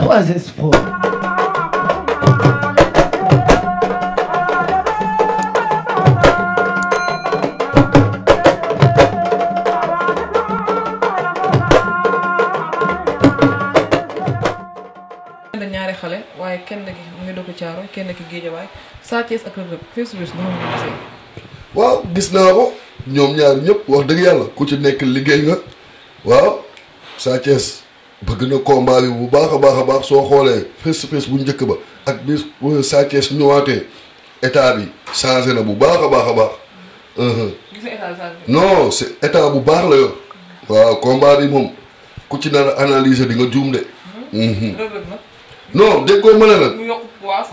trois ñaari xale waaye kenn ki mu ngi dëkk Caaro kenn ki Géejawaay Sa Thiès ak Reug Reug Face Brise nu mu gisee waaw gis naa ko ñoom ñaari ñëpp wax dëgg yàlla ku ci nekk liggéey nga waaw Sa Thiès bëgg na combat bi bu baax a baax a baax soo xoolee fes fes bu njëkk ba ak bis Sa Thiès ñëwaatee état bi changé na bu baax a baax a baax. Uh-huh. gis nga état bu baax la yor. waaw combat bi moom ku ci nar a analyser nga juum de. Mm-hmm. Mm-hmm. non déggoo ma ne la.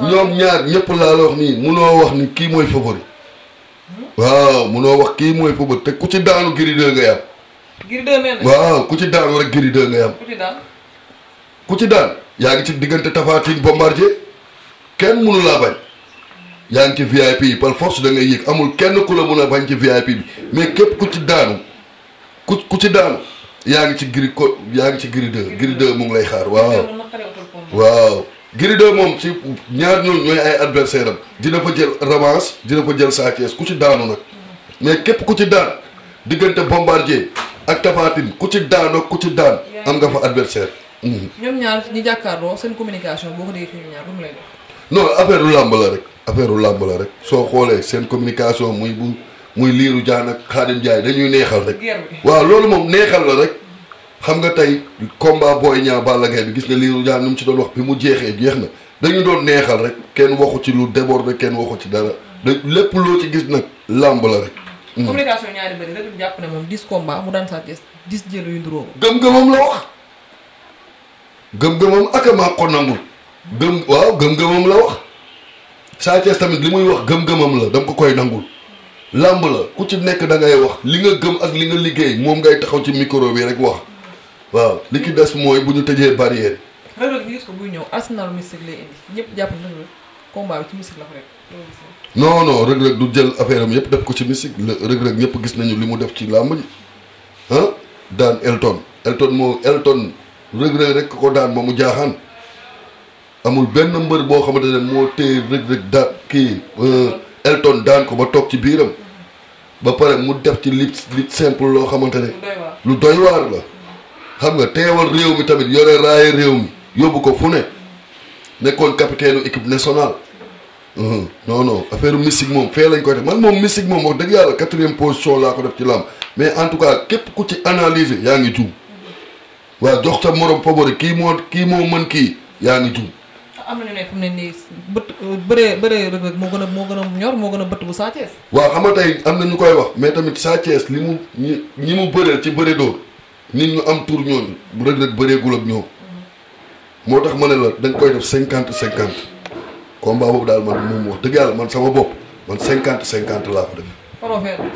ñoom ñaar ñëpp laa la wax nii munoo wax ni kii mooy favori. Hmm? waaw munoo wax kii mooy favori te ku ci daanu giri de nga yàpp Gris 2 waaw ku ci daan rek Gris 2 ngay am. ku ci daan. yaa ngi ci diggante Tapha Tine Bombardier kenn mënu laa bañ yaa ngi ci VIP yi par force da ngay amul kenn ku la mën a bañ ci VIP bi mais képp ku ci daanu ku ku ci daanu yaa ngi ci Gris ko yaa ngi ci Gris 2 Gris 2 mu ngi lay xaar waaw. waaw Gris moom ci ñaar ñooñu ñooy ay adversaire am dina fa jël revanche dina fa jël Sa ku ci daanu nag mais képp ku ci daan diggante Bombardier. ak Tafatine ku ci daanoo ku ci daan. am nga fa adversaire. Mhm. ñoom ñaar ñi seen communication boo ko déggee affaire lu làmb la rek. affaire lu làmb la rek soo xoolee seen communication muy muy liiru jaan ak Xaadim Njaay dañuy neexal rek. waaw loolu moom neexal la rek. xam nga tey combat Boy Niang Balla Gaye bi gis nga liiru jaan nu ci doon wax bi mu jeexee jeex na dañu doon neexal rek kenn waxu ci lu débordé kenn waxu ci dara lépp loo ci gis nag làmb la rek. Mm. communication ñaari mbir rek jàpp na moom 10 combats mu daan saa Thiès 10 jël yu nduróo. gëm-gëmam la wax gëm-gëmam ak maa ko nangul gëm waaw gëm-gëmam la wax Sa Thiès li muy wax gëm-gëmam la dama koy nangul. làmb la ku ci nekk da ngay wax li nga gëm ak li nga liggéey moom ngay taxaw ci micro bi rek wax waaw li ki des mooy bu ñu tëjee barrière. rëdd gis ko buy ñëw arsenal mystique ñëpp jàpp nañu combat bi ci mystique la ko rek. non non Reug du jël affaire am yëpp def ko ci musique Reug Reug ñëpp gis nañu li mu def ci làmb ji ah daan Elton Elton moo Elton Reug Reug rek ko daan ba mu jaaxaan amul benn mbër boo xamante ne moo téye Reug Reug daan kii euh, Elton daan ko ba toog ci biiram ba pare mu def ci lit lit simple loo xamante ne lu doy la xam nga teewal réew mi tamit yore raaye réew mi yóbbu ko fu ne nekkoon capitaine équipe nationale Mhm. non non affaire mystique moom fee lañ koy def man moom mystique moom wax dëgg yàlla quatrième position laa ko def ci làmb mais en tout cas képp ku ci analyser yaa ngi juum waaw jox sa morom favori kii moo kii moo mën kii yaa ngi juum. am na ne fu mu ne nii bët bëree bëree Reug Reug moo gën a moo gën a ñor moo gën a bët bu Sa Thiès. waaw xam nga tey am na ñu koy wax mais tamit Sa Thiès li mu ñi ñi mu bëreel ci bëri doo nit ñu am tour ñooñu Reug Reug bëreegul ak ñoom mhm. moo tax ma ne la dañ koy def cinquante combat boobu daal man moom wax dëgg yàlla man sama bopp man cinquante cinquante laa ko def.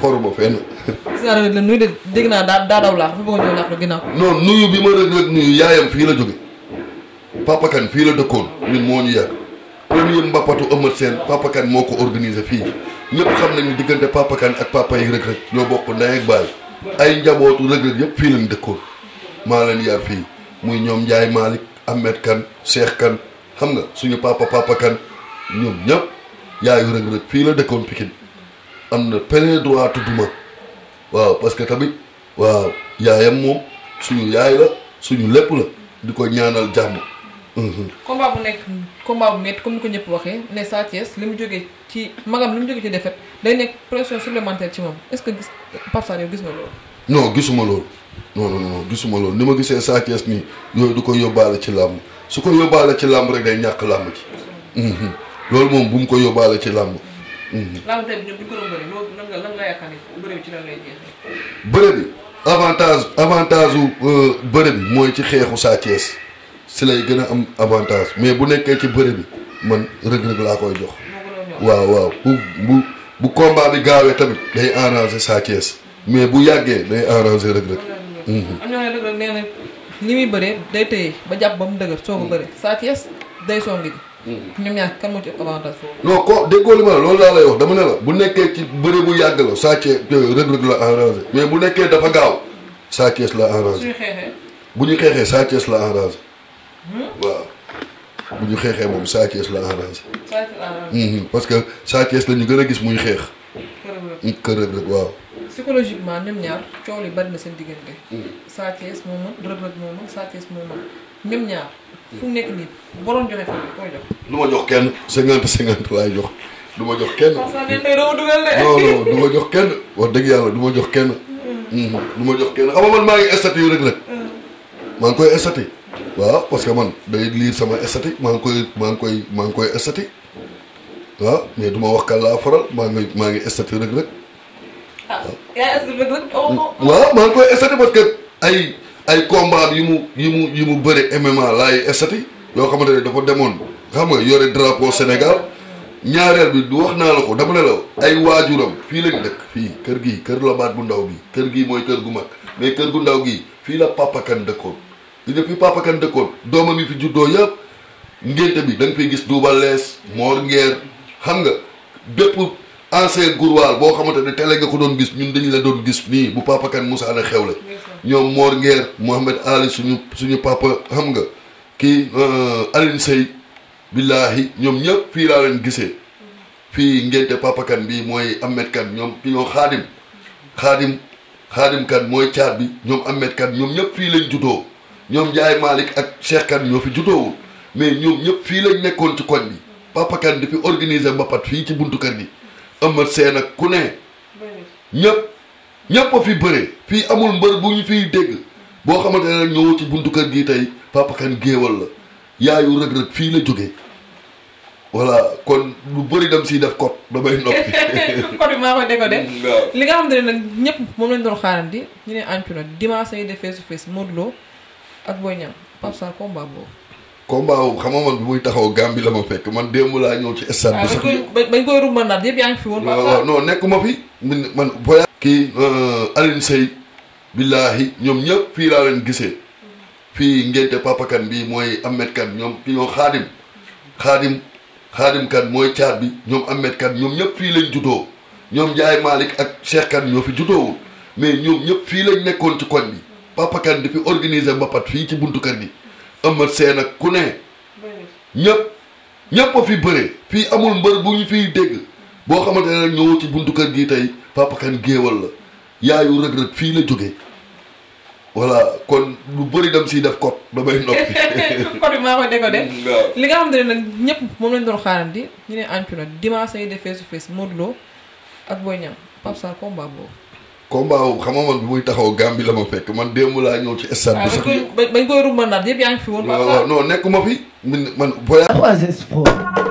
xoroo nuyu de dégg naa daa daa daw laax bi ma rek rek nuyu yaayam fii la jóge Papa fii la dëkkoon ñun moo ñu yàgg premier mbappatu Eumeu Sène Papa Kane moo ko organisé fii ñëpp xam ñu diggante Papa Kane ak papa yi Reug Reug ñoo bokk ndey ak baay ay njabootu Reug Reug yëpp fii lañ dëkkoon maa leen yar fii muy ñoom njaay Malick Ahmed Kane Cheikh Kane xam nga suñu papa Papa ñoom ñëpp yaayu Reug Reug fii la dëkkoon Pikine am na plein droit tudduma waaw parce que tamit waaw yaayam moom suñu yaay la suñu lépp la di ko ñaanal jàmm. Mhm. combat bu nekk combat comme ni ko ñëpp waxee ne Sa Thiès li mu jógee ci magam li mu jógee ci défaite day nekk pression supplémentaire ci moom est-ce que gis Pape Sarr yow gis na loolu. non gisuma loolu non non non gisuma loolu ni ma gisee Sa Thiès nii yooyu du ko yóbbaale ci làmb su ko yóbbaale ci làmb rek day ñàkk làmb loolu moom bu mu ko yóbbaale ci làmb. Mhm. làmb bu ñu bëre bi ci avantage avantage u euh, bëre bi mooy ci xeexu Sa Thiès si lay gën a am avantage mais bu nekkee ci bëre bi man rëg-rëg laa koy jox. waaw waaw bu bu bu bi gaawee tamit day arranger Sa Thiès mais bu yàggee day arranger Reug Reug. Mhm. am na Reug ni muy bëree day téye ba jàpp ba mu dëgër soo ko bëree. Sa Thiès day songi ji. Mm-hmm. ñoom ñaar kan moo ci ko déggoo li ma la loolu laa lay wax dama ne la bu nekkee ci bëri bu yàgg la Sa Thiès euh, Reug Reug la arrangé mais bu nekkee dafa gaaw Sa Thiès la arrangé. bu ñu xeexee Sa Thiès la arrangé. Hmm? waaw ñu xeexee moom Sa la arrangé. Mm-hmm. parce que Sa Thiès la gën a gis muy xeex. kër Reug Reug waaw. même ñaar fu nekk nii boroon joxe fan koy ma jox kenn cinquante cinquante waaye jox du ma jox kenn. parce du ma jox kenn wax dëgg yàlla du ma jox kenn. Mm. du ma jox kenn xam nga man maa ngi statut rek rek. Mm. maa ngi koy statut. waaw parce que man day lire sama statut maa ngi koy maa ngi koy maa ngi koy statut. waaw mais du ma wax kan laa maa ngi maa ngi statut rek ah, rek. koy statut parce que ay. ay combat yu mu yu mu yi mu bëri MMA laay estati yoo xamante ne dafa demoon xam nga yore drapeau Sénégal ñaareel bi du wax naa la ko dama ne la ay waajuram fii lañ dëkk fii kër gii kër la baat bu ndaw bi kër gii mooy kër gu mag mais kër gu ndaw gi fii la Papa Kane dëkkoon li nga fi Papa Kane dëkkoon doomam yi fi juddoo yëpp ngénte bi da nga gis duubal lees moor ngeer xam nga bépp ancien gurwaal boo xamante ne télé nga ko doon gis ñun dañu la doon gis nii bu papa kan Moussa la xew la ñoom Mor Nguer Mohamed Ali suñu suñu papa xam nga kii euh, Alioune Seye billaahi ñoom ñëpp fii laa leen gisee fii ngente papa bii mooy Ahmed kan ñoom ñoo xaadim mooy caat bi ñoom Ahmed kan ñoom ñëpp fii lañ juddoo ñoom Ndiaye Malick ak Cheikh kan ñoo fi juddoowul mais ñoom ñëpp fii lañ nekkoon ci koñ bi papa di fi organiser mbapat fii ci buntu kan bi ëmmat seen ak ku ne ñëpp ñëpp fi bëre fii amul mbër bu ñu fiy dégg boo xamante ne rek ñëw ci buntu kër gi tey Papa Kane la yaayu Reug Reug fii la jógee voilà kon lu bëri dem si def kot damay noppi. kot bi maa koy déggoo de. li nga xam ne nag ñëpp moom lañ doon di ñu ne ancu na dimanche ay def face fees face Modou ak Boy Niang Pape Sarr boobu. combat boobu xam nga man bu muy taxaw Gambie la ma fekk man démb laa ñëw ci stade bi. Ah, sax bañ koy rumba naat yëpp yaa ngi fi woon. waaw non nekkuma fi. man voyage. kii euh, Alioune Seye billaahi ñoom ñëpp fii laa gisee fii ngénte papa kan bi mooy Ahmed kan ñoom ki ñoo xaadim xaadim xaadim kan mooy caat bi ñoom am Ahmed kan ñoom ñëpp fii lañ juddoo ñoom Ndiaye Malick ak Cheikh kan ñoo fi juddoowul mais ñoom ñëpp fii lañ nekkoon ci koñ bi papa kan di fi organiser mbapat fii ci buntu kër bi ëmmat seen ak ku ne ñëpp ñëpp fi bëre fii amul mbër bu ñu fiy dégg boo xamante ne rek ñëw ci buntu kër gi tey Papa Kane géewal la yaayu Reug Reug fii la jógee voilà kon lu bëri dem si def kot damay noppi kot li nga xam ne nag ñëpp moom lañ doon di ñu ne ancu na dimanche ay defee su fees Modou Lo ak Boy Niang Pape Sarr boobu combat boobu xam bi muy taxaw Gambie la ma fekk man démb laa ñëw ci stade bi ah, sax. bañ koy bañ koy rumbanaat yëpp yaa ngi fi woon. waaw waaw non nekkuma fi. man man voyage.